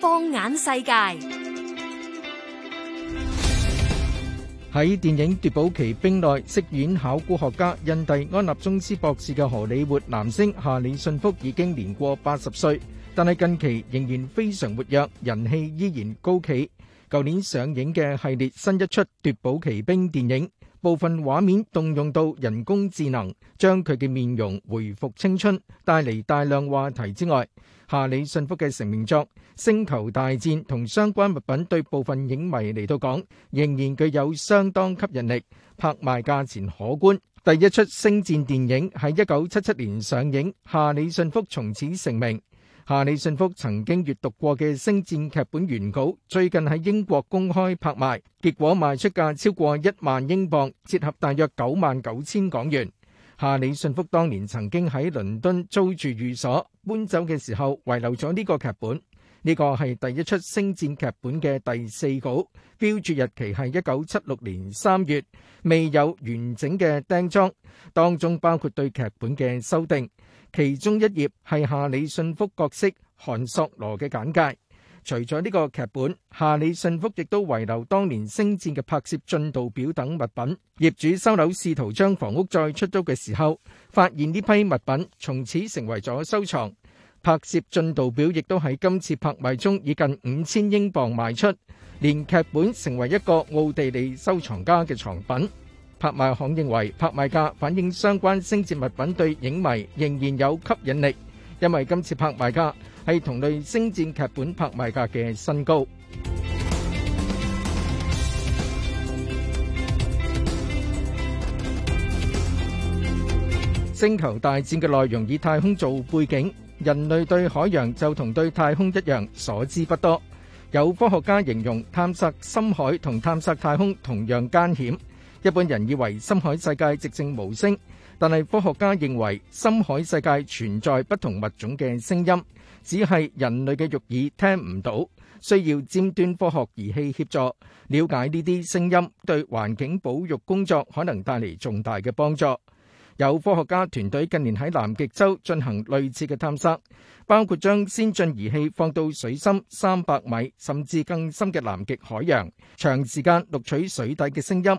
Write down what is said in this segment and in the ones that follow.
放眼世界，喺電影《奪寶奇兵》內飾演考古學家、印第安納瓊斯博士嘅荷里活男星夏里遜福已經年過八十歲，但係近期仍然非常活躍，人氣依然高企。舊年上映嘅系列新一出《奪寶奇兵》電影。部分畫面動用到人工智能，將佢嘅面容回復青春，帶嚟大量話題之外，夏里遜福嘅成名作《星球大戰》同相關物品，對部分影迷嚟到講，仍然具有相當吸引力，拍賣價錢可觀。第一出《星戰》電影喺一九七七年上映，夏里遜福從此成名。夏里遜福曾經閱讀過嘅《星戰》劇本原稿，最近喺英國公開拍賣，結果賣出價超過一萬英鎊，折合大約九萬九千港元。夏里遜福當年曾經喺倫敦租住寓所，搬走嘅時候遺留咗呢個劇本。呢、呢個係第一出《星戰》劇本嘅第四稿，標注日期係一九七六年三月，未有完整嘅釘裝，當中包括對劇本嘅修訂。其中一頁係夏里遜福角色韓索羅嘅簡介。除咗呢個劇本，夏里遜福亦都遺留當年星戰嘅拍攝進度表等物品。業主收樓試圖將房屋再出租嘅時候，發現呢批物品，從此成為咗收藏。拍攝進度表亦都喺今次拍賣中以近五千英鎊賣出，連劇本成為一個奧地利收藏家嘅藏品。拍賣行認為拍賣價反映相關星戰物品對影迷仍然有吸引力，因為今次拍賣價係同類星戰劇本拍賣價嘅新高。星球大戰嘅內容以太空做背景，人類對海洋就同對太空一樣所知不多。有科學家形容，探索深海同探索太空同樣艱險。一般人以為深海世界寂靜無聲，但係科學家認為深海世界存在不同物種嘅聲音，只係人類嘅肉耳聽唔到，需要尖端科學儀器協助了解呢啲聲音，對環境保育工作可能帶嚟重大嘅幫助。有科學家團隊近年喺南極洲進行類似嘅探測，包括將先進儀器放到水深三百米甚至更深嘅南極海洋，長時間錄取水底嘅聲音。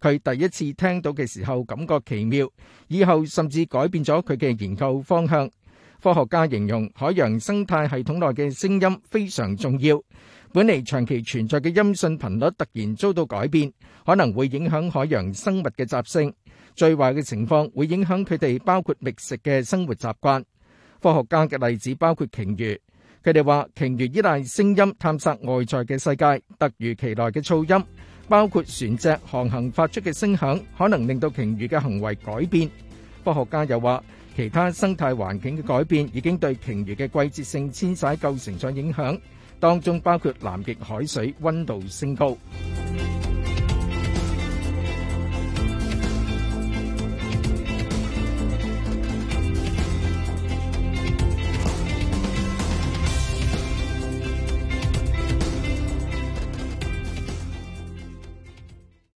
佢第一次聽到嘅時候，感覺奇妙，以後甚至改變咗佢嘅研究方向。科學家形容海洋生態系統內嘅聲音非常重要。本嚟長期存在嘅音訊頻率突然遭到改變，可能會影響海洋生物嘅習性。最壞嘅情況會影響佢哋，包括覓食嘅生活習慣。科學家嘅例子包括鯨魚，佢哋話鯨魚依賴聲音探索外在嘅世界，突如其來嘅噪音，包括船隻航行發出嘅聲響，可能令到鯨魚嘅行為改變。科學家又話，其他生態環境嘅改變已經對鯨魚嘅季節性遷徙構成咗影響，當中包括南極海水溫度升高。